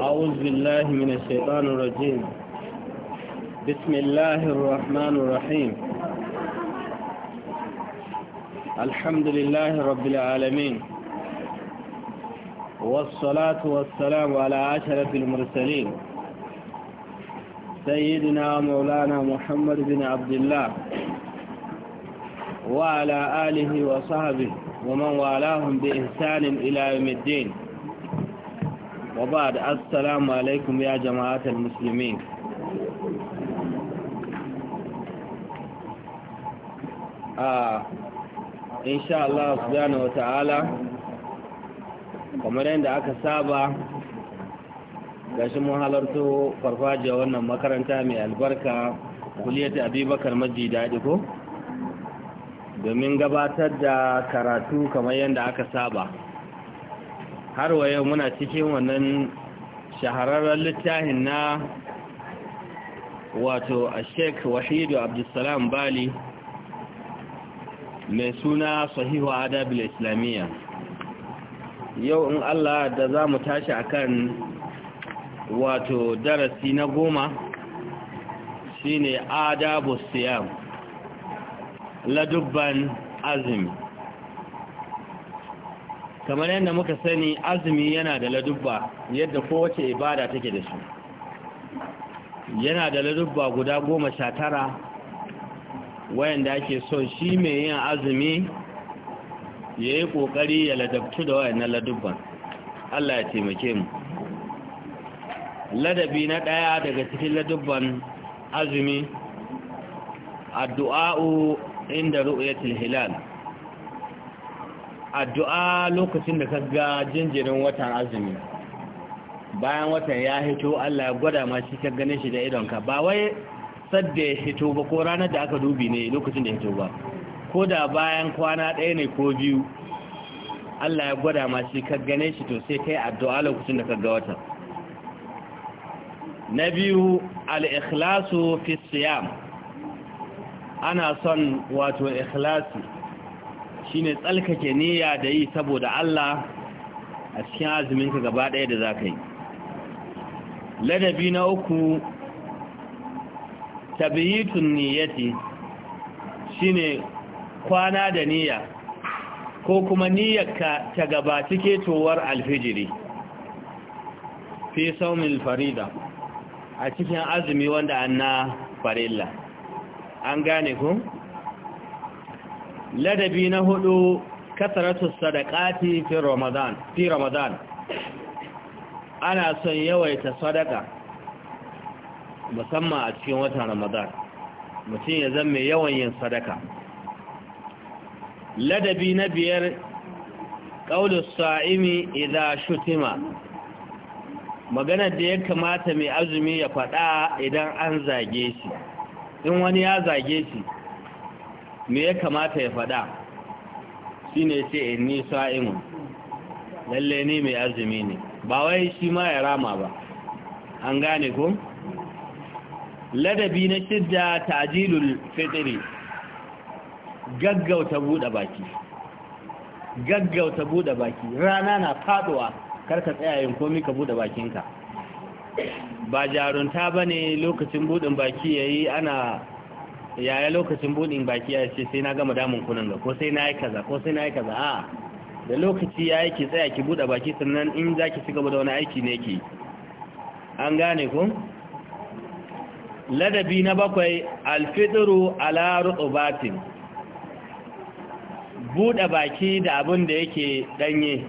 أعوذ بالله من الشيطان الرجيم بسم الله الرحمن الرحيم الحمد لله رب العالمين والصلاة والسلام على أشرف المرسلين سيدنا مولانا محمد بن عبد الله وعلى آله وصحبه ومن والاهم بإحسان إلى يوم الدين Wa ba وبعد السلام alaikum ya musulmi المسلمين آه Allah su الله wa ta'ala kamar yadda aka saba gashi mun halarta farfajiya wannan makaranta mai albarka kuliyar abubakar maji daɗi ko domin gabatar da karatu kamar yadda aka saba har wa yau muna cikin wannan shahararren littafin na wato a sheik wahidu abdulsalam bali mai suna sahihu adabil islamiyya yau in allah da za mu tashi akan wato darasi na goma shine adabu siyam ladubban azumi kamar yadda muka sani azumi yana da ladubba yadda kowace ibada take da su, yana da ladubba guda goma sha tara wayanda ake so shi mai yin azumi ya yi ƙoƙari ya ladabtu da wayannan ladubban Allah ya taimake mu ladabi na ɗaya daga cikin ladubban azumi addu'a'u inda ru'yatul hilal addu'a lokacin da ka ga jinjirin watan azumi bayan watan ya hito Allah ya gwada ma shi ka gane shi da idonka ba wai sadda ya hito ba ko ranar da aka dubi ne lokacin da hito ba ko da bayan kwana ɗaya ne ko biyu Allah ya gwada ma shi ka gane shi to sai kai addu'a lokacin da kaga watan na biyu al-ikhlasu fi siyam ana son wato ikhlasi Shi shine tsalkake niyya da yi saboda Allah a cikin azuminka gaba ɗaya da za ka yi ladabi na uku tabiyitun niyyati ne kwana da niyya ko kuma niyyarka ta cike towar alfijiri fi saumin farida a cikin azumi wanda an na farilla an gane ku? ladabi na hudu kasaratu sadaqati fi ramadan fi ramadan ana son yawaita sadaka musamman a cikin watan ramadan mutum ya zama yawan yin sadaka ladabi na biyar qaulu sa'imi idan shutima maganar da ya kamata mai azumi ya faɗa idan an zage shi in wani ya zage shi me ya kamata ya faɗa shi ne ce inni sa'imun lalle ni mai azumi ne ba wai shi ma ya rama ba an gane ku? ladabi na shidda tajilul fitri gaggauta buɗe baki gaggauta buɗe baki rana na faɗuwa karka tsayayin komi ka buɗe bakinka ba jarunta ba ne lokacin buɗin baki yayi ana yaya lokacin buɗin baki ya ce sai na gama damun kunan ga ko sai na yi kaza ko sai na yi kaza a da lokaci ya yi ki tsaya ki buɗe baki sannan in za ki cigaba da wani aiki ne ki an gane ku ladabi na bakwai alfitiru ala rutubatin buɗe baki da abin da yake ɗanye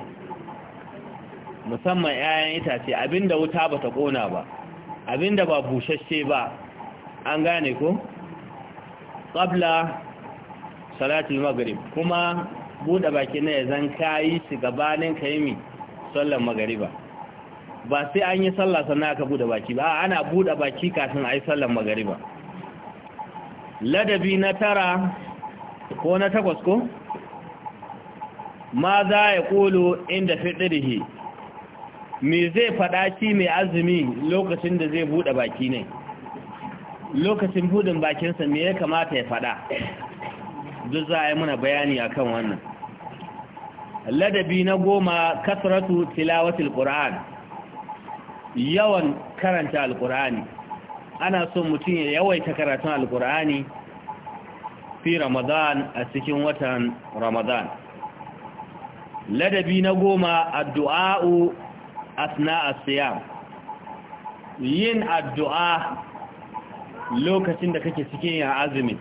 musamman 'ya'yan itace abinda wuta ba ta ƙona ba abinda ba bushashe ba an gane ku qabla salatul maghrib kuma buɗe baki na zan kayi shi gabanin mi sallar magariba ba sai an yi sallah sannan aka buɗe baki ba ana buɗe baki kafin a yi sallar magariba ladabi na tara ko na takwas ko ma za ya ƙolo inda fiɗirhi me zai faɗa shi mai azumi lokacin da zai buɗe baki ne lokacin hudun bakinsa me ya kamata ya faɗa duk za a yi muna bayani a kan wannan ladabi na goma kasratu tilawatul qur'an yawan karanta alqur'ani ana so mutum ya yawaita karatun alqur'ani fi ramadan a cikin watan ramadan ladabi na goma addu'a'u asna as-siyam yin addu'a lokacin da kake cikin yin azumi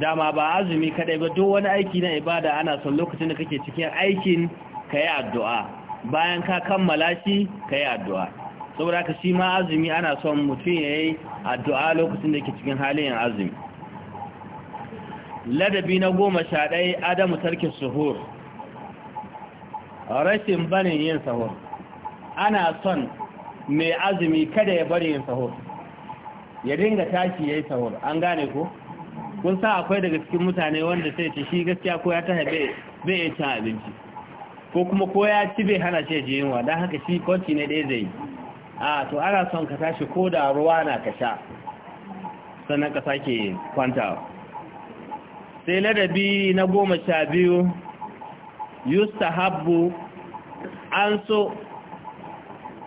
dama ba azumi kadai ba duk wani aiki na ibada ana son lokacin da kake cikin aikin ka yi addu'a bayan ka kammala shi ka yi addu'a saboda ka shi ma azumi ana son mutum ya yi addu'a lokacin da ke cikin halin yin azumi ladabi na goma sha ɗaya adamu tarkin suhur rashin barin yin sahur ana son mai azumi kada ya bari yin sahur ya dinga tashi ya yi sahur an gane ko kun sa akwai daga cikin mutane wanda sai ce shi gaskiya ko ya ta haibe bai ya cin abinci ko kuma ko ya ci bai hana shi ji yunwa don haka shi kwanci ne ɗaya zai a to ana son ka tashi ko da ruwa na ka sha sannan ka sake kwanta sai ladabi na goma sha biyu yustahabbu an so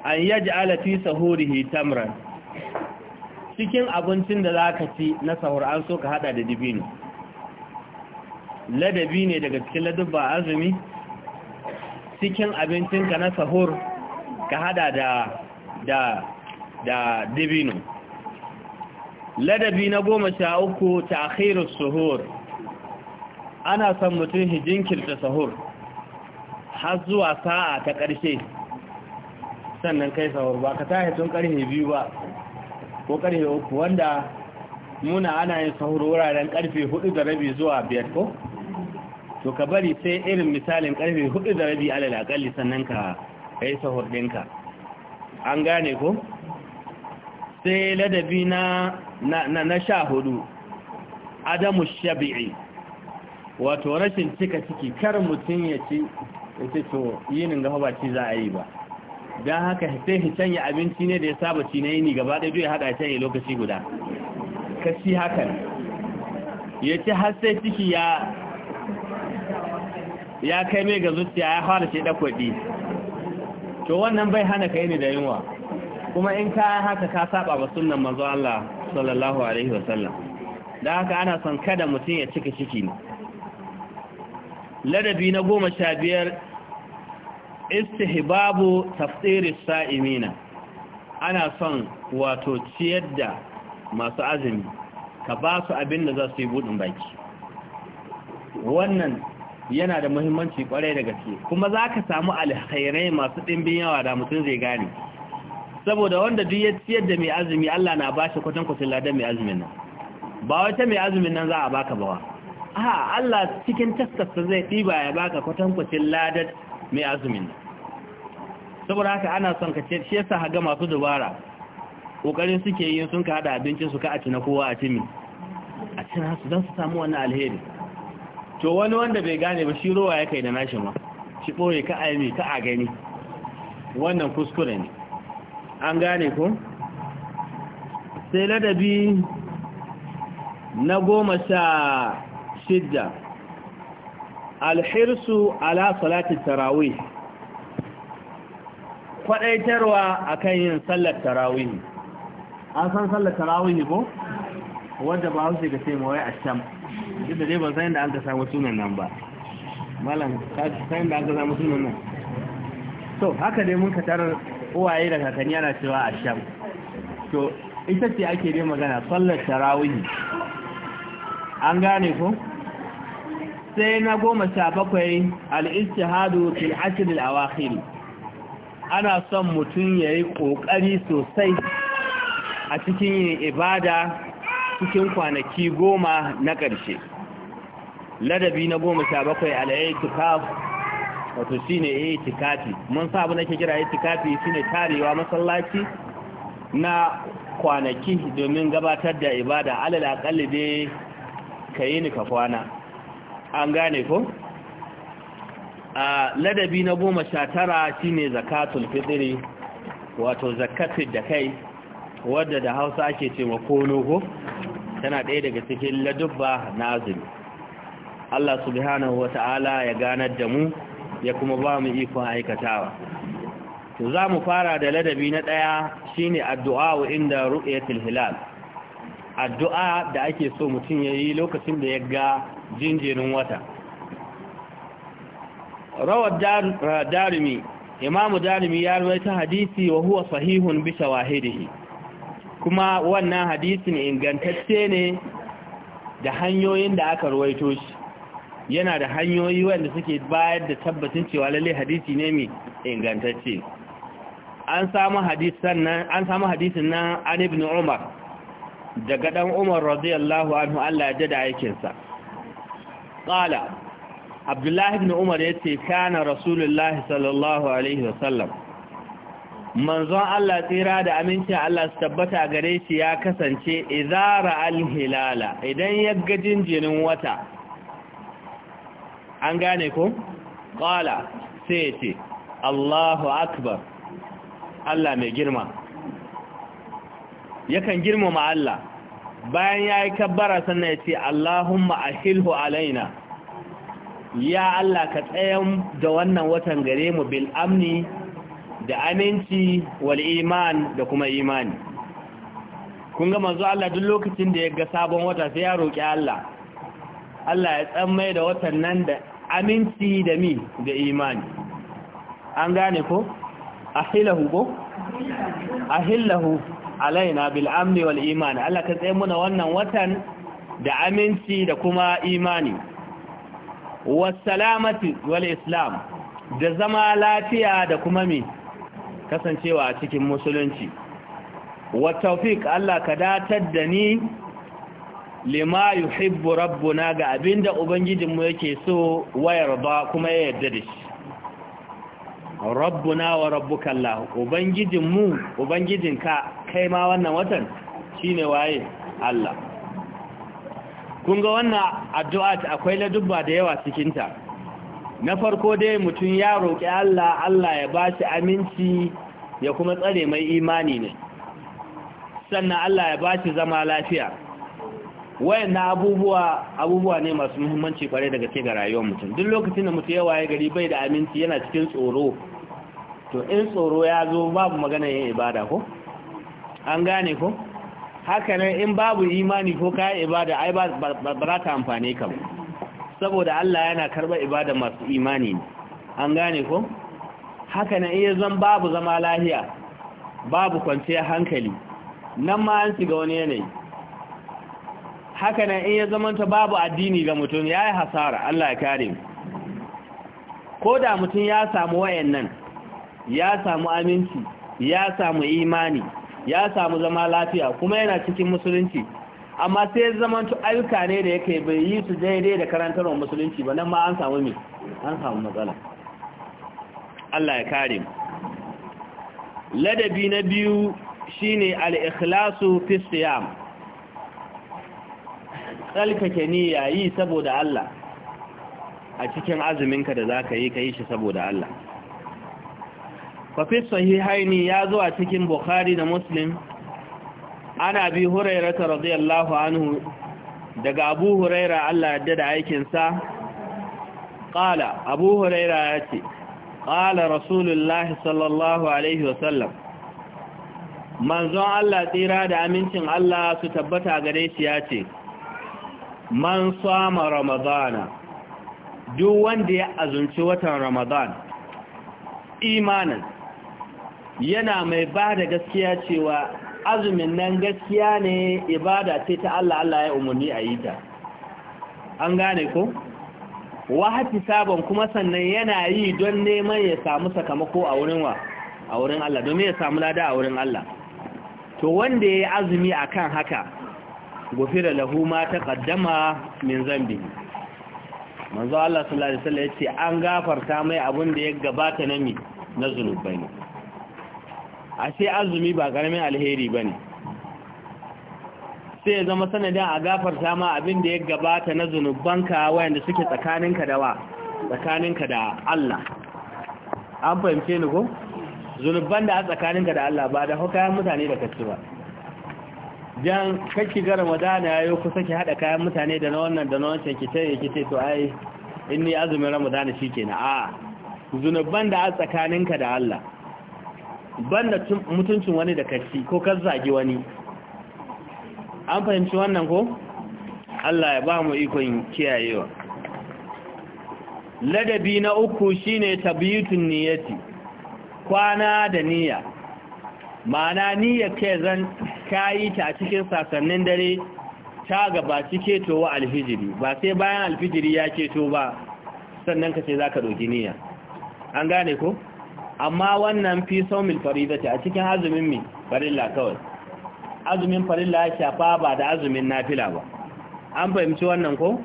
an yaji alafi sahurihi tamran cikin abincin da za ka ci na sahur an so ka hada da dibino ladabi ne daga cikin ladubba azumi cikin abincinka na sahur ka hada da da da dibino ladabi na goma sha uku ta akhirus suhur ana son mutum hijinkirta sahur har zuwa sa'a ta ƙarshe sannan kai sahur ba ka tahi tun ƙarfe biyu ba ko karfe uku wanda muna ana yin sahur wuraren karfe hudu da rabi zuwa biyar ko to ka bari sai irin misalin karfe hudu da rabi alal akalli sannan ka kai sahur dinka an gane ko sai ladabi na na sha hudu adamu shabi'i wato rashin cika ciki kar mutum ya ci ya ce to yinin gaba ba ci za a yi ba don haka sai shi canya abinci ne da ya saba cine ni gaba gaba ɗaya ya haɗa canye lokaci guda ka ci hakan ya ci har sai ciki ya ya kai mai ga zuciya ya fara shi ɗakwaɗi to wannan bai hana ka yi ne da yunwa kuma in ka haka ka saba ba sunan manzo Allah sallallahu alaihi wasallam da haka ana son kada mutum ya cika ciki ne ladabi na goma sha biyar istihbabu tafsiri sa'imina ana son wato ciyar da masu azumi ka ba su abin da za su yi budin baki wannan yana da muhimmanci kwarai da gaske kuma za ka samu alkhairai masu ɗimbin yawa da mutum zai gane saboda wanda duk ya ciyar da mai azumi Allah na ba shi kwatankwacin ladan mai azumin nan ba wata mai azumin nan za a baka ba. A'a Allah cikin taskasta zai ɗiba ya baka kwatankwacin ladan mai azumin saboda haka ana son ka ce shi yasa haga masu dubara kokarin suke yin sun ka hada abincin su ka a ci kowa a ci a ci su don su samu wani alheri to wani wanda bai gane ba shi rowa ya kai da nashi ma shi ɓoye ka aimi ka a gani wannan kuskure ne an gane ko sai ladabi na goma sha shidda alhirsu ala salatin tarawih kwadaitarwa akan yin sallar tarawih an san sallar tarawih ko wanda ba hausa ga sai mawai a can duk da dai ban san da an ka samu sunan nan ba malam san da an ka samu sunan nan to haka dai mun ka tarar uwaye da kakanni ana cewa a can to ita ce ake dai magana sallar tarawih an gane ko sai na goma sha bakwai al'istihadu fil ashirin awakhiri ana son mutum ya yi ƙoƙari sosai a cikin yin ibada cikin kwanaki goma na ƙarshe ladabi na goma sha bakwai al'aitikaf wato shi ne tikafi mun sabu nake kira tikafi shi ne tarewa masallaci na kwanaki domin gabatar da ibada alal dai ka yi ni ka kwana an gane ko a ladabi na goma sha tara ne zakatul fitiri wato zakatul da kai wadda da hausa ake ce kono ko tana ɗaya daga cikin ladubba na azumi Allah subhanahu wata'ala ya ganar da mu ya kuma ba mu ikon aikatawa to za mu fara da ladabi na ɗaya shi ne addu'a inda ru'yatul hilal addu'a da ake so mutum ya yi lokacin da ya ga jinjirin wata rawar eh, darimi imamu darimi ya ruwaita hadisi wa huwa sahihun bisa wahidihi kuma wannan hadisi ne ingantacce ne da hanyoyin da aka ruwaito shi yana da hanyoyi wanda suke bayar da tabbacin cewa lalle hadisi ne mai ingantacce an samu hadisin nan an samu hadisin nan an ibn umar daga dan umar radiyallahu anhu Allah ya jada aikinsa qala abdullah ibn umar yace kana rasulullahi sallallahu alaihi wasallam manzon Allah tsira da aminci Allah su tabbata gare shi ya kasance izara alhilala idan ya ga jinjirin wata an gane ko qala sai ce Allahu akbar Allah mai girma yakan girmama Allah bayan ya yi kabbara sannan ya ce Allahumma ahilhu alaina ya Allah ka tsayan da wannan watan gare mu bil amni da aminci wal iman da kuma imani kun ga manzo Allah duk lokacin da ya ga sabon wata sai ya roki Allah Allah ya tsammai da watan nan da aminci da mi da imani an gane ko ahilahu ko ahilahu alaina bil amni wal imani Allah ka tsaye muna wannan watan da aminci da kuma imani wasalamati wal islam da zama lafiya da kuma mi kasancewa a cikin musulunci wa tawfiq Allah ka datar da ni lima yuhibbu rabbuna ga abinda ubangijinmu yake so wayar ba kuma ya yarda da shi rabbuna wa rabbuka Allah ubangijin mu ubangijin ka kai ma wannan watan shine waye Allah kun ga wannan addu'a ta akwai ladubba da yawa cikin ta na farko dai mutum ya roki Allah Allah ya ba aminci ya kuma tsare mai imani ne sannan Allah ya ba shi zama lafiya wayan na abubuwa abubuwa ne masu muhimmanci kwarai daga ce ga rayuwar mutum duk lokacin da mutum ya waye gari bai da aminci yana cikin tsoro to in tsoro ya zo babu magana yin ibada ko an gane ko haka ne in babu imani ko kayan ibada ai ba za ta amfane ka saboda Allah yana karɓar ibada masu imani ne an gane ko haka nan iya zan babu zama lahiya babu kwanciyar hankali nan ma an shiga wani yanayi haka nan in ya zamanta babu addini ga mutum ya yi hasara Allah ya kare ko da mutum ya samu wayannan ya samu aminci ya samu imani ya samu zama lafiya kuma yana cikin musulunci amma sai ya zamanta ayyuka ne da yake bai yi su daidai da karantarwar musulunci ba nan ma an samu me an samu matsala Allah ya kare ladabi na biyu shine al-ikhlasu fi siyam tsalkake niyya yi saboda Allah a cikin azuminka da za ka yi ka yi shi saboda Allah fafi sahihaini ya zo a cikin bukhari da muslim ana bi hurairata radiyallahu anhu daga abu huraira Allah yadda da aikinsa ƙala abu huraira ya ce ƙala rasulullahi sallallahu alaihi wasallam manzon Allah tsira da amincin Allah su tabbata gare shi ya ce man sama ramadana duk wanda ya azunci watan ramadan imanin yana mai ba da gaskiya cewa azumin nan gaskiya ne ibada ce ta Allah Allah ya umarni a yi ta an gane ko wahati sabon kuma sannan yana yi don neman ya samu sakamako a wurin wa a wurin Allah domin ya samu lada a wurin Allah to wanda ya yi azumi akan haka gufira lahu ma kaddama min zambi manzo Allah sallallahu alaihi wasallam yace an gafarta mai abin da ya gabata na mi na zunubai a ashe azumi ba karamin alheri bane sai ya zama sanadin a gafarta ma abin da ya gabata na zunubanka wayanda suke tsakaninka da wa tsakaninka da Allah an fahimce ni ko zunuban da a tsakaninka da Allah ba da hukayen mutane da kace ba jan kake shiga madana ya yi kusa ki haɗa kayan mutane da na wannan da na wancan ki ce ki ce to ai in ni azumin ramadana shi ke na a zunuban da a tsakaninka da Allah banda mutuncin wani da kaci ko ka zagi wani an fahimci wannan ko Allah ya ba mu ikon kiyayewa ladabi na uku shine tabiyutun niyyati kwana da niyya ma'ana niyyar ke zan ka yi ta a cikin sasannin dare ta gabaci ketowa alfijiri ba sai bayan alfijiri ya keto ba sannan ka ce za ka ɗauki niyya an gane ko amma wannan fi saumil ce a cikin azumin mi farilla kawai azumin farilla ya shafa ba da azumin nafila ba an fahimci wannan ko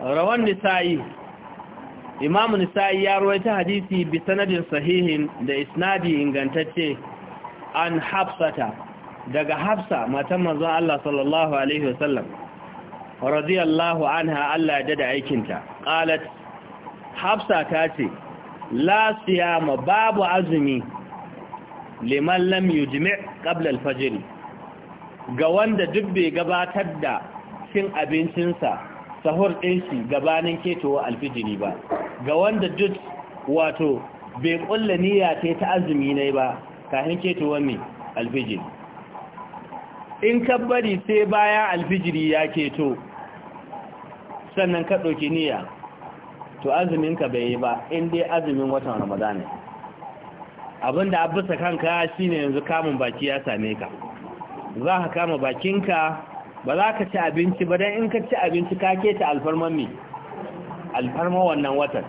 rawan nisa'i imam nisa'i ya ruwaita hadisi bi sanadin sahihin da isnadi ingantacce an hafsata daga hafsa matan manzon Allah sallallahu alaihi wasallam radiyallahu anha Allah ya da aikinta qalat hafsa ta ce la siyama babu azumi liman lam yujmi qabla al-fajr ga wanda duk bai gabatar da cin abincinsa sahur din shi gabanin ketowa alfijiri ba ga wanda duk wato bai kulla niyya ta azumi ne ba kahin ketowar wani alfijir in ka bari sai bayan alfijiri ya keto sannan ka ɗauki niyya to azumin ka bai yi ba in dai azumin watan ramadana abinda abusa kanka shine yanzu kamun baki ya same ka za ka kama bakinka ba za ka ci abinci ba don in ka ci abinci ka keta alfarman mi alfarma wannan watan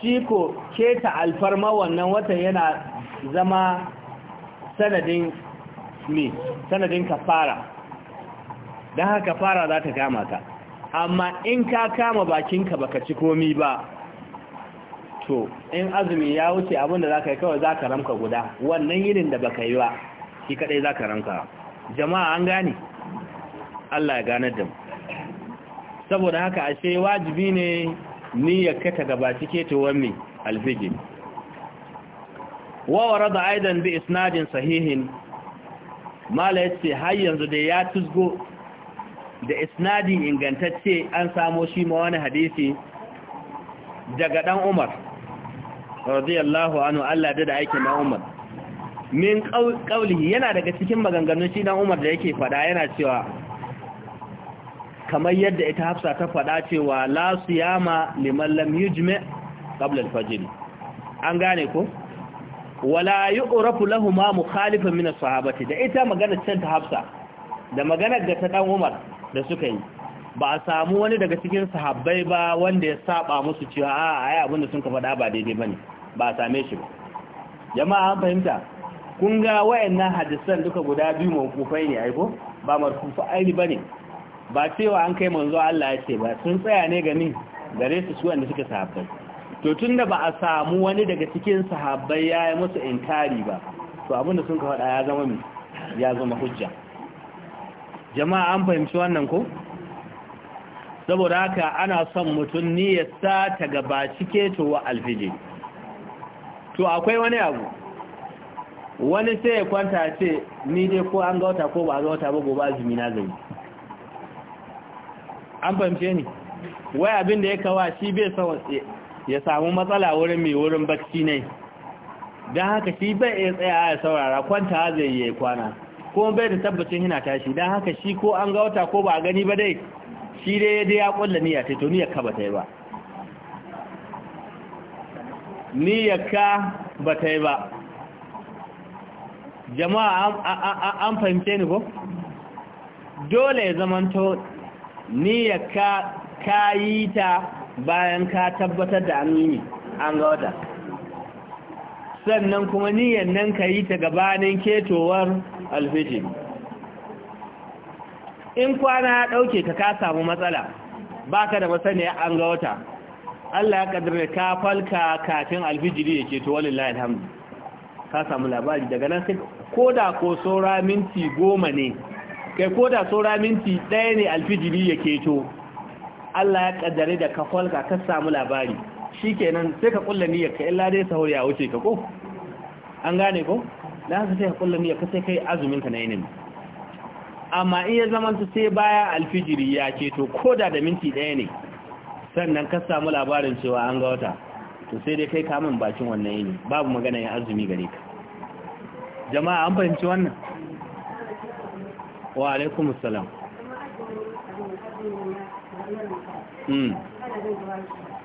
shi ko keta alfarma wannan watan yana zama sanadin me sanadin kafara don haka kafara za ta kama ka amma in ka kama bakinka baka ci komi ba to in azumi ya wuce abinda za ka yi kawai za ka ramka guda wannan yinin da baka yi ba shi kadai za ka ramka jama'a an gane Allah ya ganar da mu saboda haka ashe wajibi ne niyyar ka ta gaba cike to wanne alfijin da أيضا بإسناد صحيح ما har yanzu dai ya yanzu da isnadi ingantacce an samo shi ma wani hadisi daga dan Umar radiyallahu anhu Allah da aikin dan Umar min qaulihi yana daga cikin maganganun shi dan Umar da yake fada yana cewa kamar yadda ita hafsa ta faɗa cewa la siyama liman lam yujma qabla al-fajr an gane ko wala yu'rafu lahumu mukhalifan min as-sahabati da ita magana can ta Hafsa da magana ga ta dan Umar da suka yi ba a samu wani daga cikin sahabbai ba wanda ya saba musu cewa a a abin abinda sun ka faɗa ba daidai bane ba a same shi ba jama'a an fahimta kun ga wayannan hadisan duka guda biyu mawqufai ne aiko ba marfufa ai bane ba cewa an kai manzo Allah ya ce ba sun tsaya ne ga ni gare su su wanda suka sahabbai to tun da ba a samu wani daga cikin sahabbai ya yi musu intari ba to abinda sun ka faɗa ya zama mai ya zama hujja jama'a an fahimci wannan ko saboda haka ana son mutum niyyarsa ta gabaci ketowa alfije to akwai wani abu wani sai ya kwanta ce ni dai ko an gauta ko ba a gauta ba gobe azumi na zai an fahimce ni wai abin da ya kawa shi bai sa ya samu matsala wurin mai wurin bakci ne don haka shi bai iya tsaya ya saurara kwanta zai yi kwana kuma bai da tabbacin yana tashi don haka shi ko an ga wata ko ba a gani ba dai shi dai ya dai ya kulla niyya ta to niyyar ka ba ta yi ba niyyar ka ba ta yi ba jama'a an fahimce ni ko dole ya zamanto niyyar ka ka yi ta bayan ka tabbatar da amini an ga wata sannan kuma niyyar nan ka yi ta gabanin ketowar alfijin. in kwana ya ɗauke ka ka samu matsala ba ka da masaniya an ga wata Allah ya ƙadar ka falka kafin alfijiri ya keto wallahi alhamdu ka samu labari daga nan sai koda ko saura minti goma ne kai da saura minti ɗaya ne alfijiri ya keto Allah ya kaddare da ka falka ka samu labari shikenan sai ka kulla niyyar ka illa dai sahur ya wuce ka ko an gane ko dan haka sai ka kulla niyyar ka sai kai azumin ka na yinin amma in ya su sai baya alfijiri ya ce to koda da minti daya ne sannan ka samu labarin cewa an ga wata to sai dai kai ka min bakin wannan yini babu magana ya azumi gare ka jama'a an fahimci wannan wa salam Hmm.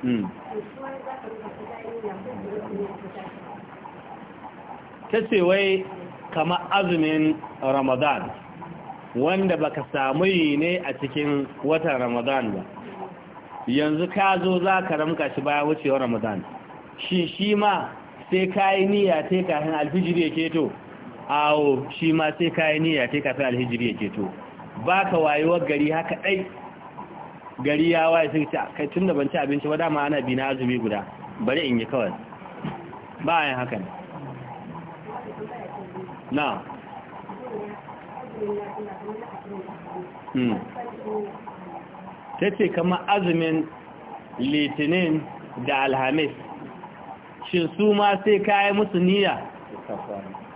Hmm. ta ce wai kama azumin ramadan wanda baka samu yi ne a cikin watan ramadan ba yanzu ka zo za ka ramka shi baya wucewa ramadan shi shi ma sai ka yi niyya ta kafin alfijiri ya keto awo shi ma sai ka yi niyya ta kafin alfijiri ya keto ba ka wayewar gari haka ɗai gari ya waye sun ce kai tun da ban ci abinci ba dama ana bi na azumi guda bari in yi kawai ba yin hakan na hmm. ta ce kama azumin litinin da alhamis shin su ma sai ka yi musu niyya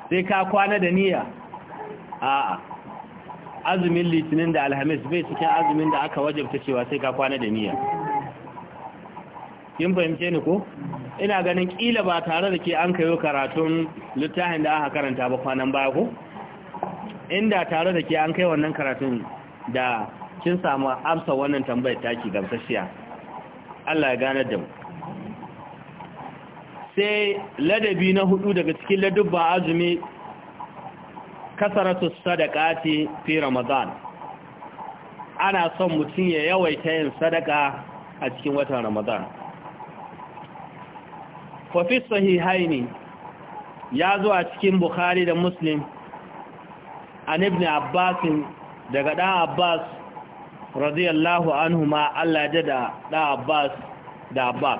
sai ka kwana da niyya a azumin litinin da alhamis bai cikin azumin da aka wajabta cewa sai ka kwana da niyya kin fahimce ni ko ina ganin kila ba tare da ke an kayo karatun littafin da aka karanta ba kwanan baya ko inda tare da ke an kai wannan karatun da kin samu amsa wannan tambayar taki gamsashiya Allah ya gane da mu sai ladabi na hudu daga cikin ladubba azumi kasaratu sadaqati fi ramadan ana son mutum ya yawaita yin sadaka a cikin watan ramadan fa fi sahihaini ya zo a cikin bukhari da muslim an ibn abbas daga dan abbas radiyallahu anhuma Allah ya da dan abbas da abbas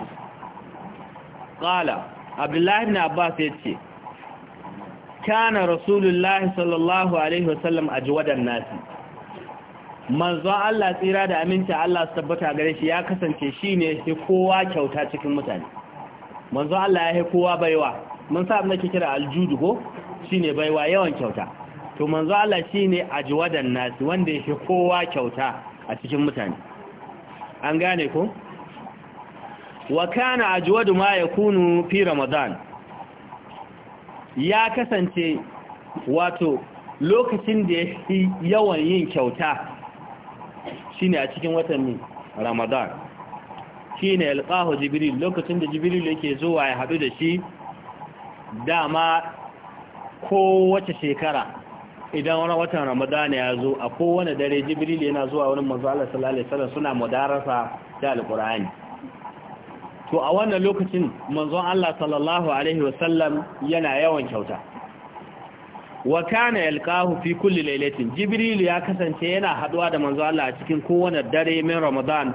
qala abdullahi ibn abbas yace kana rasulullahi sallallahu alaihi wasallam ajwadan nasi manzo Allah tsira da aminta Allah su tabbata gare shi ya kasance ne sai kowa kyauta cikin mutane manzo Allah ya kowa baiwa mun sa abin da ke kira aljudu ko shi ne baiwa yawan kyauta to manzo Allah shi ne a ajwadan nasi wanda yake kowa kyauta a cikin mutane an gane ko wa kana ajwadu ma yakunu fi ramadan ya kasance wato lokacin da ya fi yawan yin kyauta ne a cikin watan ramadan shi ne alƙahu jibril lokacin da jibril yake zuwa ya haɗu da shi dama kowace shekara idan wani watan ramadan ya zo a kowane dare jibril yana zuwa wani manzo salalai suna mudarasa da alƙura'ani to a wannan lokacin manzon Allah sallallahu alaihi wasallam yana yawan kyauta wa kana yalqahu fi kulli lailatin jibril ya kasance yana haduwa da manzon Allah a cikin kowane dare min ramadan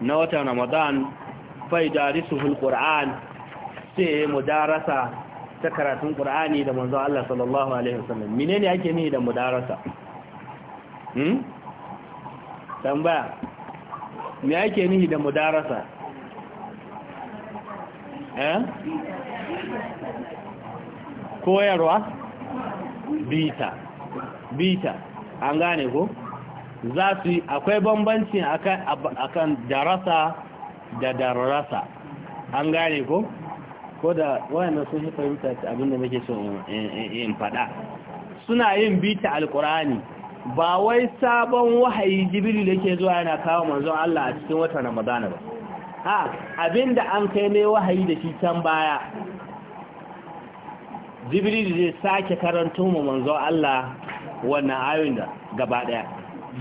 na watan ramadan fa yadarisuhu alquran sai mudarasa ta karatun qur'ani da manzon Allah sallallahu alaihi wasallam menene yake nihi da mudarasa hmm tambaya me yake nihi da mudarasa Eh? koyarwa bita bita an gane ko za su yi akwai bambanci akan darasa da darasa an gane ko ko da wayannan sun shi fahimta abinda nake so in faɗa suna yin bita alkurani ba wai sabon wahayi jibril ke zuwa yana kawo manzon Allah a cikin watan ramadana ba abin abinda an kai mai wahayi da shi can baya jibril zai sake karanto mu manzo Allah wannan ayoyin da gaba daya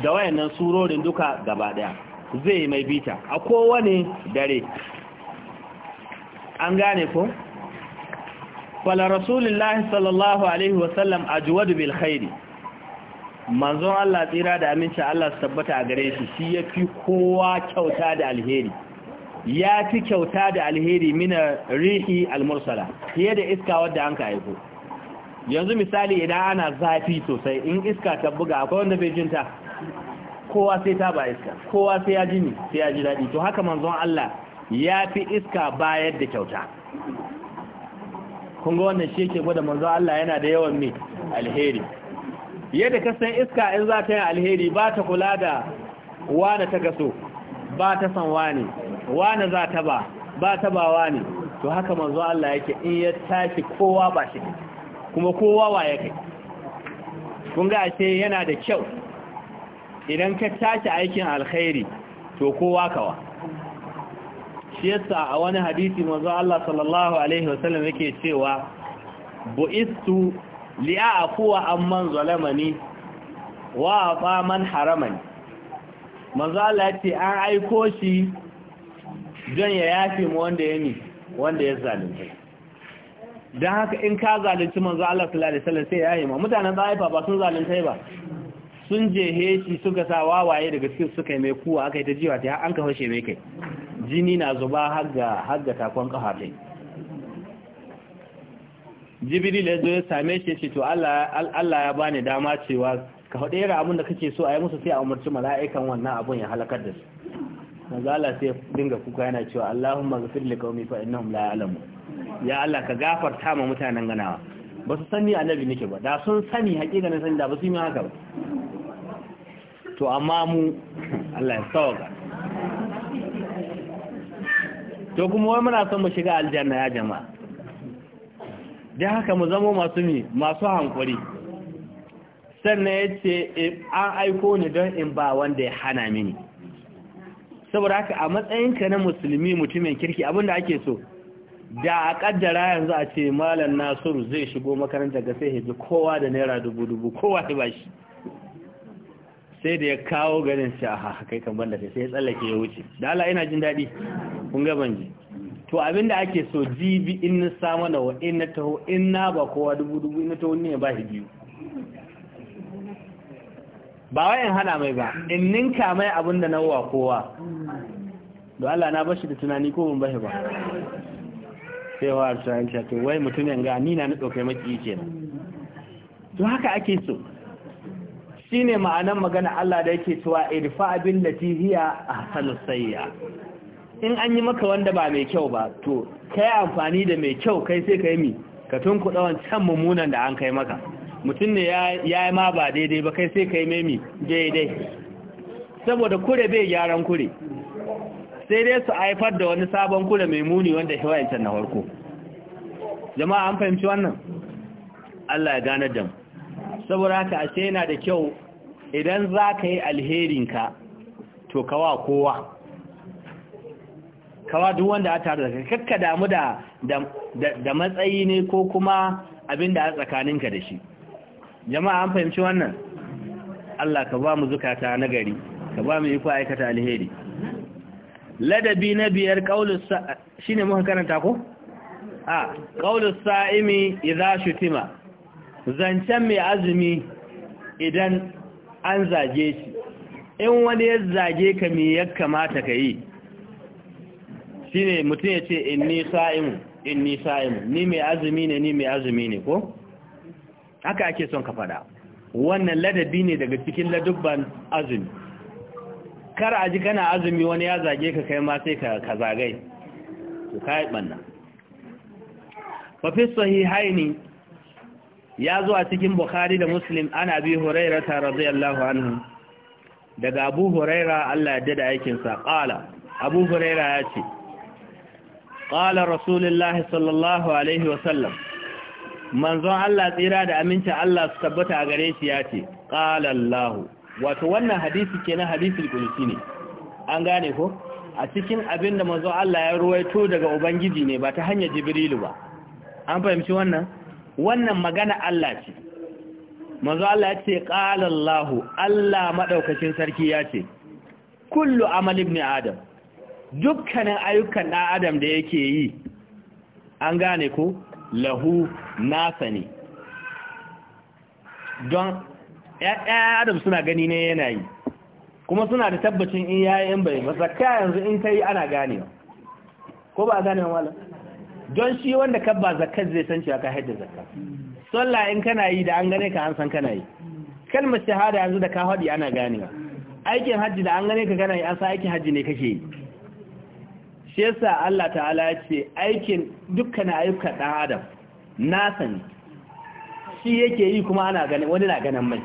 da wayannan surorin duka gaba daya zai mai bita a kowane dare an gane ko fala rasulullahi sallallahu alaihi wasallam ajwad bil khair manzon Allah tsira da aminci Allah su tabbata a gare shi shi yafi kowa kyauta da alheri ya fi kyauta da alheri mina rihi almursala fiye da iska wadda an ka haifo yanzu misali idan ana zafi sosai in iska ta buga akwai wanda bai jinta kowa sai ta ba iska kowa sai ya jini sai ya ji daɗi to haka manzon Allah ya fi iska bayar da kyauta kun ga wannan shi yake gwada manzon Allah yana da yawan mai alheri yadda ka san iska in za ta yi alheri ba ta kula da wane ta gaso ba ta san wani wani za ta ba ba ta ba wani to haka manzo Allah yake in ya tashi kowa ba shi kuma kowa wa ya kai kun ga ce yana da kyau idan ka tashi aikin alkhairi to kowa kawa shi yasa a wani hadisi manzo Allah sallallahu alaihi wasallam yake cewa bu'istu li'a afuwa amman zalamani wa ba man haramani manzo Allah ya ce an aiko shi don ya yafi mu wanda ya ni wanda ya zalunta don haka in ka zalunci manzo Allah sallallahu alaihi sai ya yi ma mutanen zaifa ba sun zalunta ba sun jehe shi suka sa wawaye daga cikin suka yi mai kuwa aka yi ta jiwa ta an ka fashe mai kai jini na zuba har ga takon kafa jibril ya ya same shi ce to Allah ya bani dama cewa ka faɗi yara abin da kake so a yi musu sai a umarci mala'ikan wannan abun ya halakar da su manzo Allah sai dinga kuka yana cewa Allahumma ghfir li qaumi fa innahum la ya'lamun ya Allah ka gafarta ma mutanen ganawa ba su sani annabi nake ba da sun sani hakikanin sani da ba su yi haka ba to amma mu Allah ya sauka to kuma wai muna son mu shiga aljanna ya jama'a dan haka mu zamo masu mi masu hankuri sannan ya ce e, an aiko ni don in ba wanda ya hana mini saboda haka a matsayinka na musulmi mutumin kirki abinda ake so da a kaddara yanzu a ce malam nasiru zai shigo makaranta ga sai hebi kowa da naira dubu-dubu kowa ya bashi sai da ya kawo ganin shi a kai kan banda sai ya tsallake ya wuce da ala ina jin daɗi kun gaban ji to abinda ake so jibi in na samu da wa na taho in na ba kowa dubu-dubu in na taho ne ba shi biyu ba wayan hana mai ba in ninka mai abin da nawa kowa da Allah na bashi da tunani ko ban bashi ba sai wa tunani ta to wai mutumin ga ni na ni dauke maki na to haka ake so shine ma'anan magana Allah da yake cewa irfa abin lati hiya ahsanu sayya in an yi maka wanda ba mai kyau ba to kai amfani da mai kyau kai sai kai mi ka tunkuɗa can mummunan da an kai maka mutum ne ya yi ma ba daidai ba kai sai ka yi memi daidai saboda kure bai gyaran kure sai dai su haifar da wani sabon kure mai muni wanda shi wayancan na farko jama'a an fahimci wannan Allah ya gane da saboda haka ashe yana da kyau idan za ka yi alherinka to kawa kowa kawa duk wanda ya taru da kakka damu da matsayi ne ko kuma abin da a tsakaninka da shi jama'a an fahimci wannan Allah ka ba mu zukata na gari ka ba mu yi ku aikata alheri ladabi na biyar qaulus shine muka karanta ko a qaulus sa'imi idza shutima zancen mai azumi idan an zage shi in wani ya zage ka me ya kamata ka yi shine mutum ya ce inni sa'imu inni sa'imu ni mai azumi ne ni mai azumi ne ko haka ake son ka fada wannan ladabi ne daga cikin ladubban azumi kar a ji kana azumi wani ya zage ka kai ma sai ka zagai to kai banna fa sahihaini ya zo a cikin bukhari da muslim ana bi hurairah radiyallahu anhu daga abu huraira Allah ya dada aikinsa ƙala abu huraira ya ce ƙala sallallahu alaihi wasallam manzon Allah tsira da amincin Allah su tabbata a gare shi ya ce qala wato wannan hadisi kenan hadisul qudsi ne an gane ko a cikin abin da manzon Allah ya ruwaito daga ubangiji ne ba ta hanyar jibrilu ba an fahimci wannan wannan magana Allah ce manzon Allah ya ce qala Allah maɗaukacin madaukakin sarki ya ce kullu amal ibn adam dukkanin ayyukan ɗan adam da yake yi an gane ko lahu nasa ne don ‘ya'ya adam suna gani ne yana yi kuma suna da tabbacin in yayin bai ba zakka yanzu in ta yi ana gane ko ba a gane wala don shi wanda ka ba zakkar zai san cewa ka haidda zakka sallah in kana yi da an gane ka an san kana yi kalmar shahada yanzu da ka haɗi ana ganewa aikin hajji da an gane ka kana yi an san aikin hajji ne kake yi shi yasa Allah ta'ala ya ce aikin dukkan ayyukan ɗan adam na sani shi yake yi kuma ana gani wani na ganin mai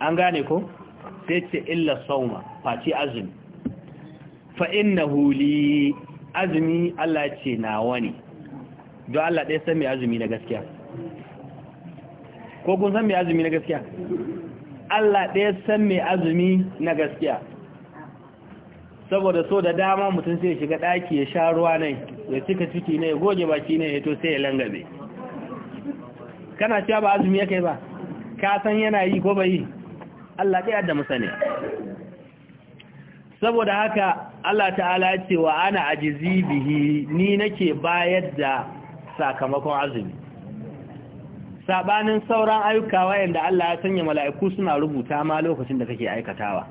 an gane ko sai ce illa sauma face azumi fa innahu li azumi Allah ce nawa ne don Allah ɗaya san mai azumi na gaskiya ko kun san mai azumi na gaskiya Allah ɗaya san mai azumi na gaskiya saboda so da dama mutum sai shiga ɗaki ya sha ruwa nan ya cika ciki ne ya goge baki ne ya to sai ya langabe kana cewa ba azumi ya ba ka san yana yi ko bai Allah ɗaya da musani saboda haka Allah ta'ala ya ce wa ana ajizi bihi ni nake bayar da sakamakon azumi sabanin sauran ayyuka wayanda Allah ya sanya mala'iku suna rubuta ma lokacin da kake aikatawa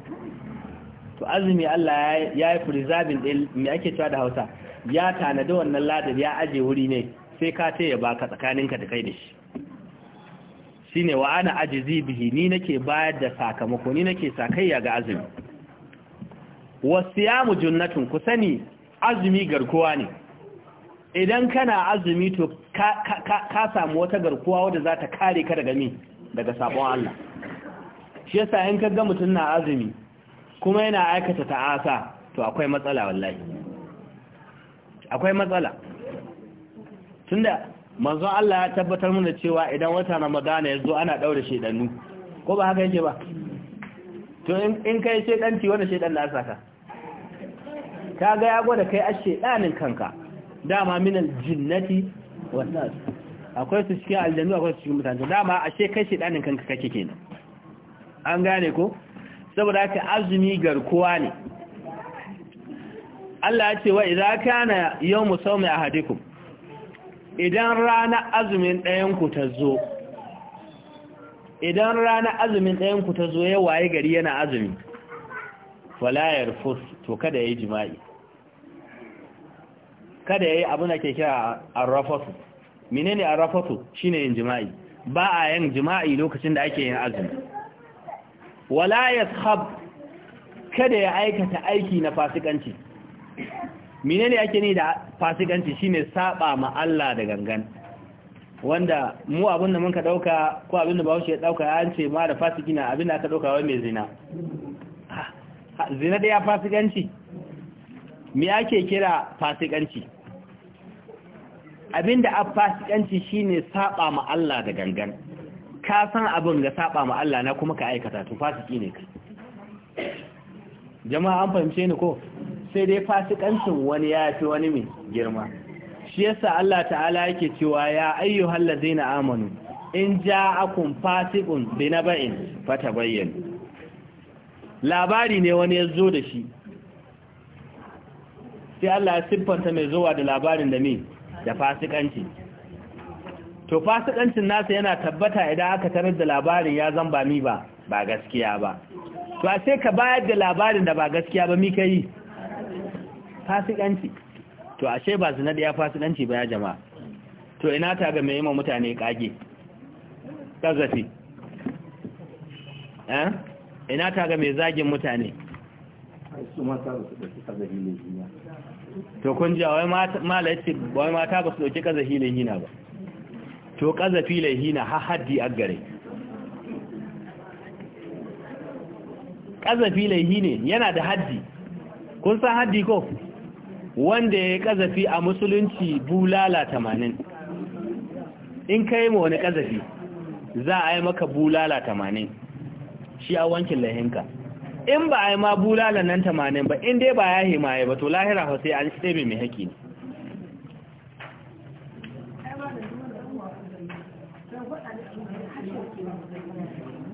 to azumi Allah ya yi preserving ɗin me ake cewa da Hausa ya tanadi wannan ladar ya aje wuri ne sai ka taya baka tsakaninka da kai da shi shine wa ana ajizi bihi ni nake bayar da sakamako ni nake sakayya ga azumi wasiyamu junnatun ku sani azumi garkuwa ne idan kana azumi to ka, samu wata garkuwa wadda za ta kare ka daga mi daga sabon Allah shi yasa in ka ga mutum na azumi kuma yana aikata ta'asa to akwai matsala wallahi akwai matsala tunda manzon Allah ya tabbatar mana cewa idan wata Ramadana ya zo ana daure shedannu ko ba haka yake ba to in kai shedanci wanda shedan da asaka kaga ya gode kai a shedanin kanka dama minal jinnati wannan akwai su cikin aljannu akwai su cikin mutane dama ashe kai shedanin kanka kake kenan an gane ko saboda ka azumi garkuwa ne Allah ya ce wa idza kana yawmu sawmi ahadikum idan rana azumin ɗayan ku ta zo idan rana azumin ɗayan ku ta zo ya waye gari yana azumi wala yarfus to kada yayi jima'i kada yayi abu na ke kira arrafatu menene arrafatu shine yin jima'i ba a yin jima'i lokacin da ake yin azumi wala yashab kada ya aikata aiki na fasikanci menene ake ni da fasikanci shine saba ma Allah da gangan wanda mu abin da ka dauka ko abin da shi ya dauka ya ce ma da fasikina abin da aka dauka wai mai zina zina da ya fasikanci me ake kira fasikanci abin da a fasikanci shine saba ma Allah da gangan ka san abin ga saba ma Allah na kuma ka aikata to fasiki ne kai jama'a an fahimce ni ko sai dai fasikancin wani ya fi wani mai girma shi yasa Allah ta'ala yake cewa ya ayyu ladzina amanu in ja'akum fasiqun binaba'in fatabayyan labari ne wani ya zo da shi sai Allah ya siffanta mai zuwa da labarin da me da fasikanci to fasikancin nasa yana tabbata idan aka tarar da labarin ya zan ba mi ba ba gaskiya ba to a sai ka bayar da labarin da ba gaskiya ba mi yi. fasikanci to ashe ba zina da ya fasikanci ba ya jama'a to ina ta ga mai mutane kage kazafi eh ina ta ga mai zagin mutane to kun ji wai mata mata ba su dauki kazafi ne hina ba to ƙazafi hina ha haddi a gare ƙazafi laihi ne yana da haddi kun san haddi ko wanda ya ƙazafi a musulunci bulala tamanin in ka yi ma wani ƙazafi za a yi maka bulala tamanin shi a wankin lahinka, in ba a yi ma bulala nan tamanin ba in dai ba ya ya ba to lahira hau sai an tsebe mai haƙi ne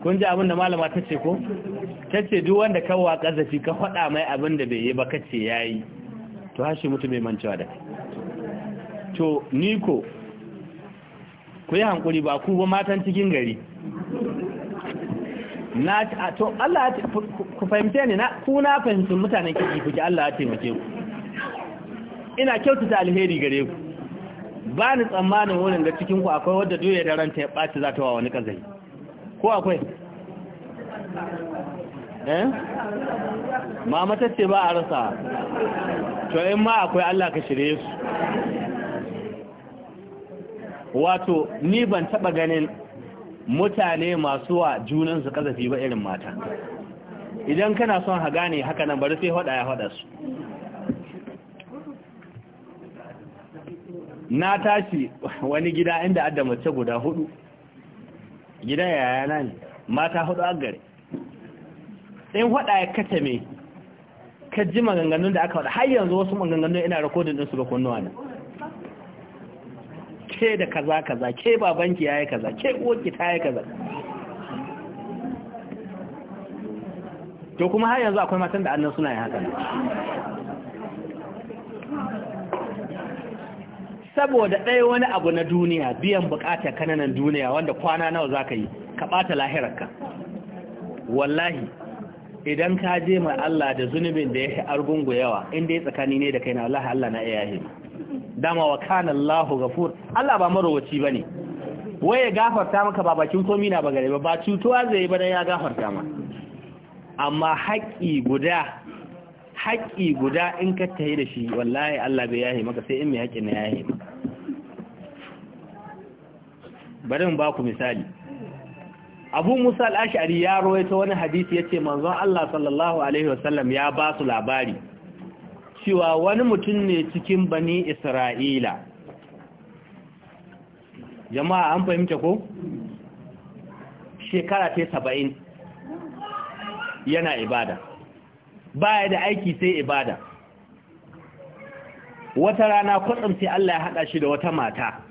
kun ji abin da malama ta ce ko ta ce duk wanda kawwa kazafi ka faɗa mai abin da bai yi ba ka ce ya yi to hashi mutu bai mancewa da to ni ko ku yi hankuri ba ku ba matan cikin gari na a to Allah ya ku fahimce ne na ku na fahimci mutanen kiki kuke Allah ya taimake ku ina kyautata alheri gare ku ba ni tsammanin wurin da cikin ku akwai wadda doye da ranta ya ɓaci za ta wa wani kazai ko akwai eh ma ce ba a rasa to in ma akwai Allah ka shirye su wato ni ban taba ganin mutane masu wa junan su kazafi ba irin mata idan kana son ha gane haka nan bari sai hada ya hada su na tashi wani gida inda adda mace guda hudu gidan yayana ne mata hudu a gare in hada ya kata me ka ji maganganun da aka waɗa, har yanzu wasu maganganun ina rikodin ɗinsu su ga kunnuwa na ke da kaza kaza ke babanki yi kaza ke ƙoƙi ta yi kaza to kuma har yanzu akwai matan da annan suna yi haka saboda ɗaya wani abu na duniya biyan buƙatar kananan duniya wanda kwana nawa za ka yi ka ɓata lahirarka wallahi idan ka je mai Allah da zunubin da ya fi argungu yawa inda ya tsakani ne da kai na wallahi Allah na iya yi dama wa kana Allah gafur Allah ba marowaci bane wai ya gafarta maka ba bakin komi na gare ba ba cutuwa zai yi ba dan ya gafarta ma amma haƙi guda haƙƙi guda in ka ta da shi wallahi Allah bai yahe maka sai in mai haƙƙi na yahe bari mu ba ku misali Abu Musa al-Ash'ari ya ta wani hadisi ya ce, manzon Allah sallallahu alaihi wasallam ya ba su labari cewa wani mutum ne cikin bani Isra'ila jama'a an fahimta ko shekara ta 70 yana ibada baya da aiki sai ibada wata rana kwatsam sai Allah ya hada shi da wata mata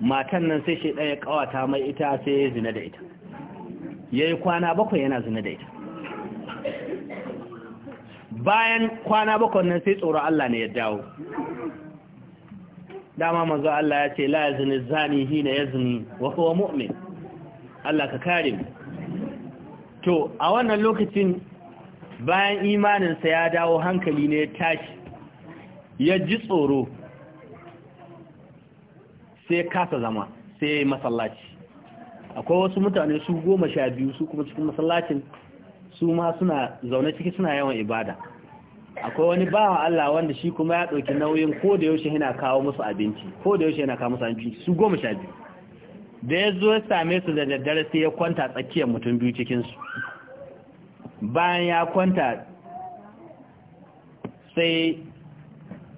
matan nan sai shaidan ya kawata mai ita sai ya zina da ita yayi kwana bakwai yana zina da ita bayan kwana bakwai nan sai tsoron Allah ne ya dawo dama manzo Allah ya ce la yazni zani hina yazni wa huwa mu'min Allah ka kare to a wannan lokacin bayan imaninsa ya dawo hankali ne ya tashi ya ji tsoro sai kasa zama sai ya yi masallaci akwai wasu mutane su goma sha biyu su kuma cikin masallacin su ma suna zaune ciki suna yawan ibada akwai wani bawa Allah wanda shi kuma ya ɗauki nauyin ko da yaushe yana kawo musu abinci ko da yaushe yana kawo musu abinci su goma sha biyu da ya zo ya same su da daddare sai ya kwanta tsakiyar mutum biyu cikinsu bayan ya kwanta sai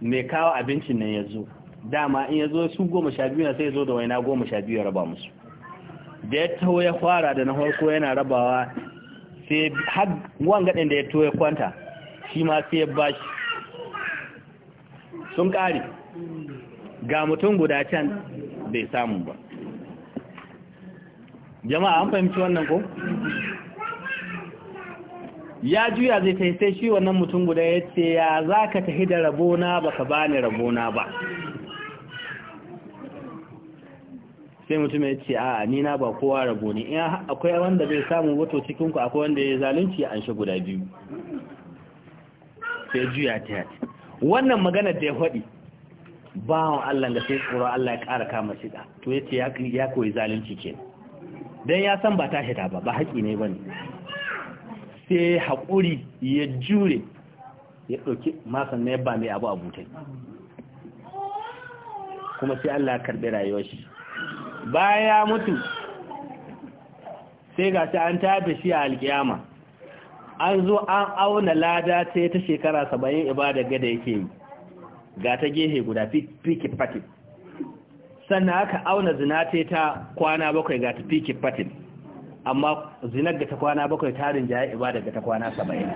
mai kawo abincin nan ya zo dama in ya zo su goma sha biyu na sai zo da waina goma sha biyu ya raba musu da ya taho ya fara da na farko yana rabawa sai har wangaɗin da ya taho ya kwanta shi ma sai ya bashi sun ƙari ga mutum guda can bai samu ba jama'a an fahimci wannan ko ya juya zai ta sai shi wannan mutum guda ya ce ya za ka tafi da rabona ba ka ba ni rabona ba sai mutum ya ce a nina ba kowa rabo ne in akwai wanda zai samu wato cikinku akwai wanda ya zalunci an shi guda biyu sai juya ta yi wannan magana da ya faɗi wa Allah da sai tsoro Allah ya ƙara kama shi da to ya ce ya koyi zalunci kenan dan ya san ba ta shida ba ba haƙi ne ba ne. sai haƙuri ya jure ya ɗauki masan na yabba mai abu a butai kuma sai Allah ya karɓi rayuwar shi bayan ya mutu sai ga ta an tafi shi a alƙiyama an zo an auna lada ta ta shekara saba'in ibada gada yake yi ga ta gehe guda fikit fatin sannan aka auna zina ta ta kwana bakwai ga ta fikit fatin amma zinar da ta kwana bakwai tarin jaya ibada da ta kwana saba'in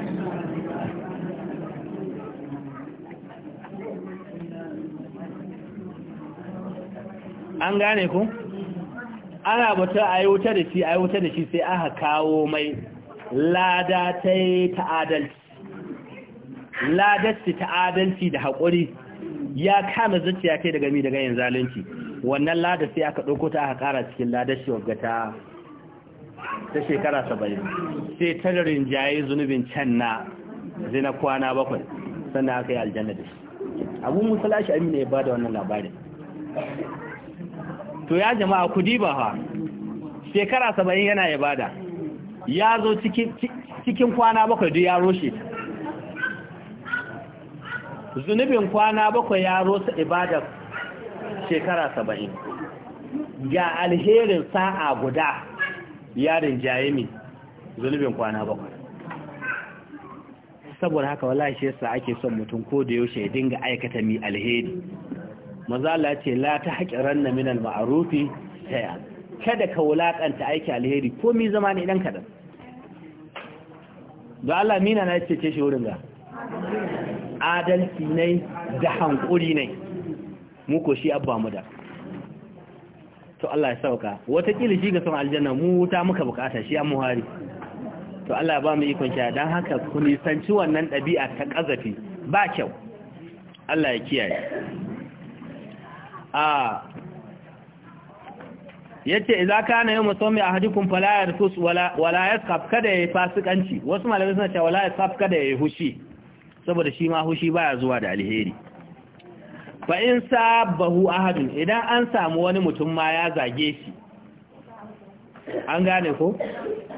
an gane ku ana bata a yi wuta da shi a yi wuta da shi sai aka kawo mai lada ta yi ta'adalci ladarci ta'adalci da haƙuri ya kama zuciya yi daga mi daga yin zalunci wannan ladar sai aka ɗauko ta aka ƙara cikin ladarci wagga ta ta shekara saba'in sai ta rinjaye zunubin can na zina kwana bakwai sannan aka yi aljanna da shi abu musala shi amina ya bada wannan labarin to ya jama'a ku diba ha shekara saba'in yana ya bada ya zo cikin kwana bakwai duk ya roshe zunubin kwana bakwai ya rosa ibada shekara saba'in ga alherin sa'a guda yarin jaye mi zunubin kwana bakwai saboda haka wallahi shi yasa ake son mutum ko da yaushe ya dinga aikata mi alheri maza Allah ce la ta haƙiran na minal ma'arufi taya kada ka wulaƙanta aiki alheri ko mi zama ne ɗan kaɗan da Allah mina na ce ce shi wurin ga adalci ne da hankuri ne mu ko shi abba mu da to Allah ya sauka watakila shi ga son aljanna mu wuta muka bukata shi an muhari to Allah ba mu ikon sha don haka ku nisanci wannan ɗabi'a ta ƙazafi ba kyau Allah ya kiyaye a yace idza kana yawm sawmi ahadukum fala yarfus wala wala yasqab kada ya fasikanci wasu malamai suna cewa wala yasqab kada yi hushi saboda shi ma hushi baya zuwa da alheri fa in sabahu ahadun idan an samu wani mutum ma ya zage shi an gane ko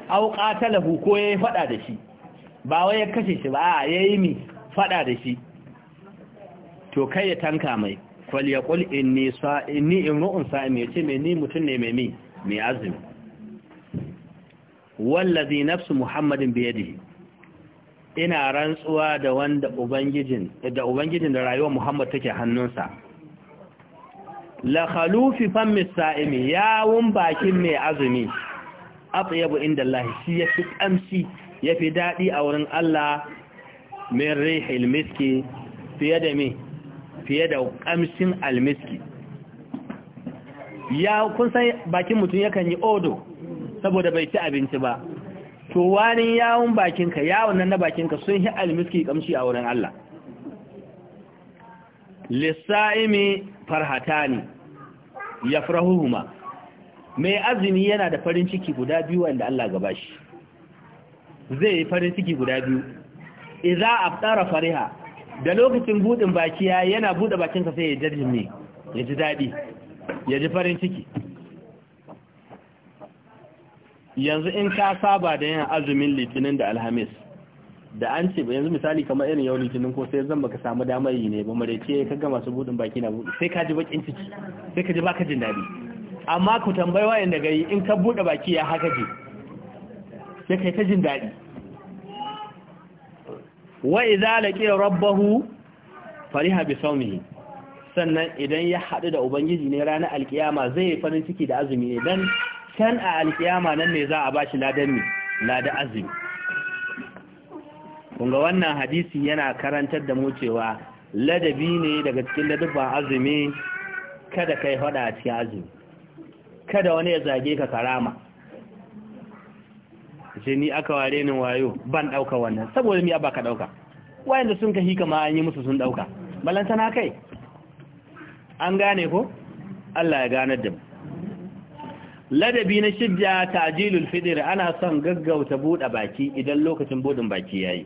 au qatalahu ko yayi fada da shi ba wai ya kashe shi ba a yayi mi fada da shi to kai ya tanka mai fal yaqul inni sa inni imru'un yace me ni mutum ne mai mai azumi wallazi nafsu muhammadin biyadihi ina rantsuwa da wanda ubangijin da ubangijin da rayuwar Muhammad take hannunsa la khalufi fam sa'imi yawun bakin mai azumi atyabu inda Allah shi yafi kamshi yafi dadi a wurin Allah min rihil miski fiye da me fiye da kamshin almiski ya kun san bakin mutum yakan yi odo saboda bai ci abinci ba to wani yawon bakinka yawon nan na bakinka sun yi almiski kamshi a wurin Allah lissa'imi farhatani yafrahuhuma mai azumi yana da farin ciki guda biyu wanda Allah gaba shi zai yi farin ciki guda biyu a tsara fariha da lokacin budin baki yana buɗe bakinka sai ya jarjime ya ji daɗi. ya ji farin ciki yanzu in ka saba da yin azumin litinin da alhamis da an ce yanzu misali kamar irin yau litinin ko sai zan baka samu damar yi ne ba marece ka kaga masu budin baki na buɗe sai ka ji bakin ciki sai ka ji baka jin daɗi amma ku tambayi wayan da gari in ka buɗe baki ya haka ji sai kai ta jin daɗi wa idza laqiya rabbahu fariha bi sawmihi sannan idan ya haɗu da ubangiji ne ranar alkiyama zai farin ciki da azumi ne dan can a alkiyama nan ne za a bashi ladan ne lada azumi kunga wannan hadisi yana karantar da mu cewa ladabi ne daga cikin ladabban azumi kada kai hada a cikin azumi kada wani ya zage ka karama ce ni aka ware ni wayo ban dauka wannan saboda ni abaka dauka wayanda sun hika kama an yi musu sun dauka balantana kai an gane ko Allah ya ganar da mu ladabi na shidda tajilul fidir ana son gaggauta buɗe baki idan lokacin budin baki yayi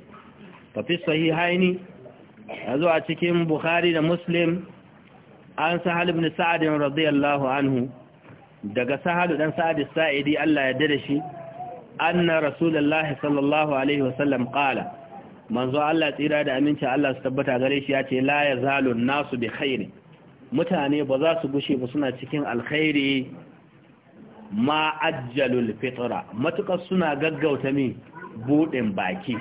fa fi sahihaini zuwa cikin bukhari da muslim an sahal ibn sa'd radiyallahu anhu daga sahal dan sa'd sa'idi Allah ya dade shi anna rasulullahi sallallahu alaihi wasallam qala manzo Allah tsira da aminci Allah su tabbata gare shi ya ce la nasu bi khairi mutane ba za su gushe ba suna cikin alkhairi ma ajjalul fitra matuka suna gaggauta min budin baki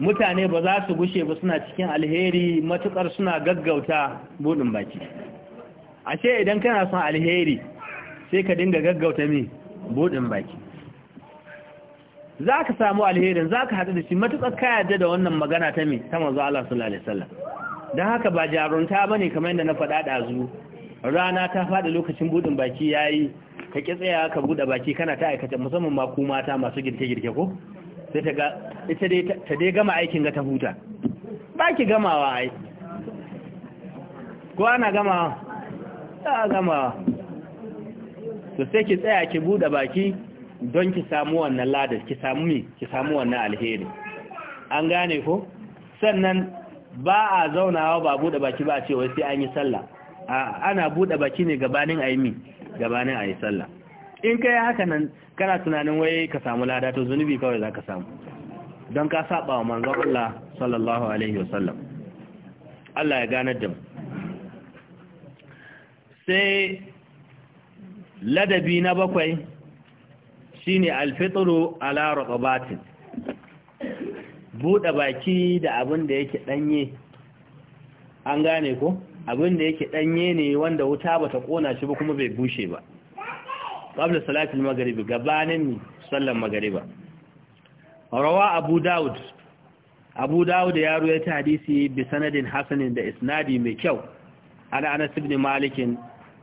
mutane ba za su gushe ba suna cikin alheri matukar suna gaggauta budin baki ashe idan kana son alheri sai ka dinga gaggauta min budin baki za ka samu alherin za ka da shi matuƙar ka yarda da wannan magana ta mai ta manzo Allah sallallahu alaihi wasallam don haka ba jarunta bane kamar yadda na faɗa ɗazu rana ta faɗi lokacin buɗin baki ya yi ka ƙi tsaya ka buɗe baki kana ta aikata musamman ma ku mata masu girke-girke ko sai ta ga ita dai ta dai gama aikin ga ta huta ba ki gamawa ai ko ana gamawa ta gamawa to sai ki tsaya ki buɗe baki don ki samu wannan ladar ki samu mi ki samu wannan alheri an gane ko sannan ba a zaunawa ba buɗe baki ba a ce wai sai an yi sallah ana buɗe baki ne gabanin aimi gabanin ayi sallah in ka yi haka nan kana tunanin wai ka samu lada to zunubi kawai za ka samu don ka saba wa manzan Allah sallallahu alaihi wasallam Allah ya ganar da mu sai ladabi na bakwai shine alfitru ala raqabatin buɗe baki da abin da yake ɗanye an gane ko abin da yake danye ne wanda wuta bata kona shi ba kuma bai bushe ba qabla al maghrib gabanin sallan maghriba rawa abu daud abu daud ya ruwaita hadisi bi sanadin hasanin da isnadi mai kyau ana anas ibn malik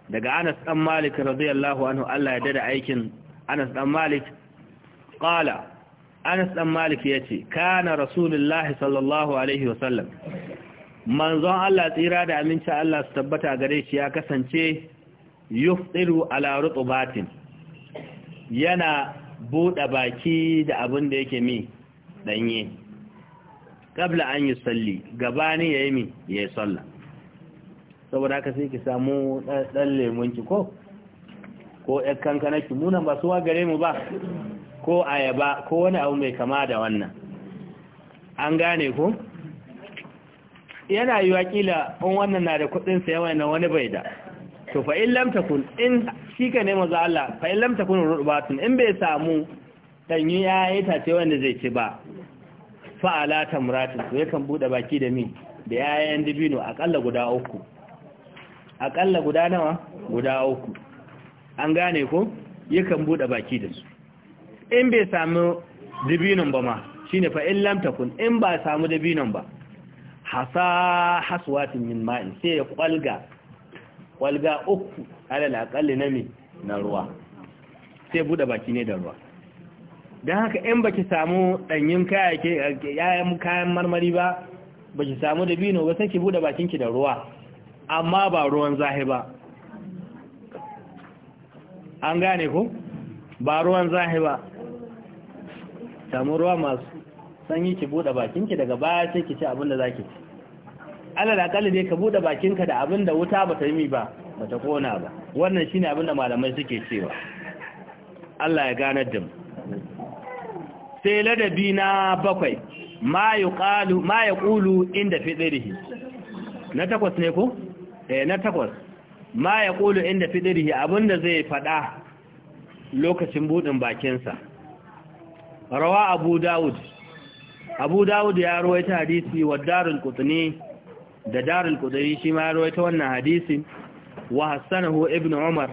daga anas dan malik radiyallahu anhu Allah ya dada aikin anas dan malik qala anas dan malik yace kana rasulullahi sallallahu alaihi wasallam manzon Allah tsira da aminci Allah su tabbata gare shi ya kasance yufdiru ala rutubatin yana buɗe baki da abin da yake mi danye kabla an yi salli gabani ya mi ya yi salla saboda haka sai ki samu ɗan lemunki ko ko ‘yan kankanaki munan ba suwa gare mu ba ko ayaba ko wani abu mai kama da wannan an gane ko? yana yi kila in wannan na da kudin sa yawa na wani bai da to fa in lam takun in shi ka ne maza Allah fa in lam takun rubatun in bai samu danyi yayi ta ce wanda zai ci ba fa ala tamratin to yakan bude baki da mi da yayan dibino akalla guda uku akalla guda nawa guda uku an gane ko yakan bude baki da su in bai samu dibinon ba ma shine fa in lam takun in ba samu dibinon ba hasa haswatin min ma'in sai ya kwalga kwalga uku alal akalli na me na ruwa sai bude baki ne da ruwa don haka in baki samu danyin kayan kayan marmari ba baki samu da bino ba sai ki bude bakinki da ruwa amma ba ruwan zahi ba an gane ko ba ruwan zahi ba samu ruwa masu sanyi ki bude bakin ki daga baya sai ki ci abin da zaki ci alal akalla dai ka bude bakin ka da abin da wuta bata yi ba bata kona ba wannan shine abin da malamai suke cewa Allah ya gane da sai ladabi na bakwai ma yuqalu ma yaqulu inda fidrihi na takwas ne ko eh na takwas ma yaqulu inda fidrihi abinda zai fada lokacin budin bakinsa rawa abu daud abu dawud ya rawaita hadisi wa darul qutni da darul qudri shi ma rawaita wannan hadisin wa hasanahu ibn umar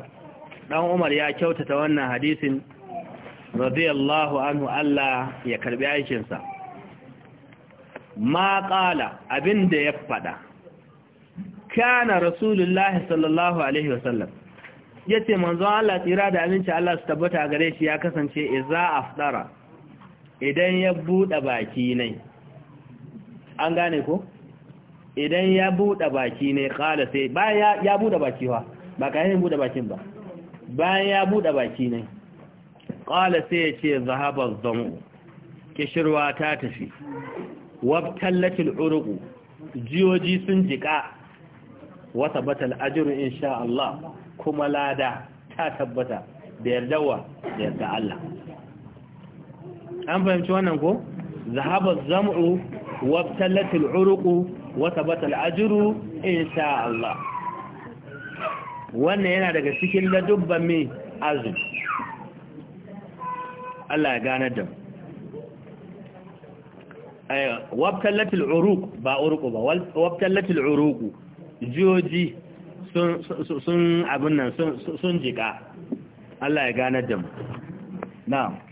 dan umar ya kyautata wannan hadisin radiyallahu anhu Allah ya karbi aikin sa ma qala abinda ya fada kana rasulullahi sallallahu alaihi wasallam yace manzon Allah tsira da aminci Allah su tabbata gare shi ya kasance iza afdara idan ya buɗe baki ne an gane ko idan ya buɗe baki ne ƙala sai bayan ya buɗe baki wa ba ka yi buɗe bakin ba bayan ya buɗe baki ne ƙala sai ya ce zahabar zamo kishirwa ta tafi wabtallatil uruku jiyoji sun jiƙa wata batal ajiru insha Allah kuma lada ta tabbata da yardawa da yarda Allah an fahimci wannan ko zahaba zam'u wabtallatil uruqu wa tabata al'ajru insha Allah wannan yana daga cikin ladubban me azumi Allah ya gane da wabtallatil al'uruq ba uruqu ba wabtallatil al'uruq joji sun abin nan sun jika Allah ya gane da mu na'am